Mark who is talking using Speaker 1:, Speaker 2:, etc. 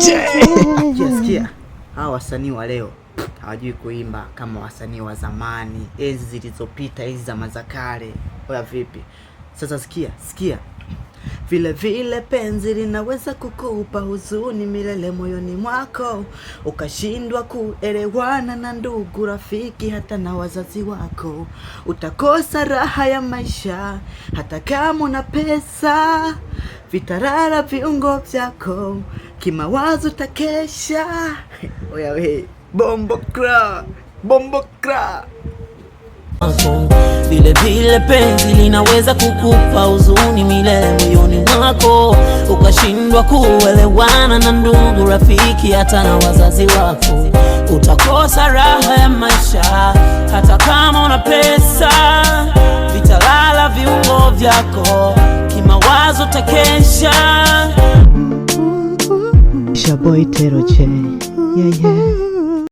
Speaker 1: Sijasikia hawa wasanii wa leo hawajui kuimba kama wasanii wa zamani, enzi zilizopita, enzi za mazakale. Oya, vipi sasa? Sikia, sikia
Speaker 2: vile vile penzi linaweza kukupa huzuni milele moyoni mwako, ukashindwa kuelewana na ndugu, rafiki, hata na wazazi wako. Utakosa raha ya maisha hata kama una pesa, vitarara viungo vyako, kimawazo takesha.
Speaker 1: Bombokra, Bombokra
Speaker 2: vile vile penzi linaweza kukupa huzuni milele moyoni mwako, ukashindwa kuelewana na ndugu, rafiki, hata na wazazi wako. Utakosa raha ya maisha hata kama una pesa, vitalala viungo vyako, kimawazo takesha. Shaboy Teroche yeah, yeah.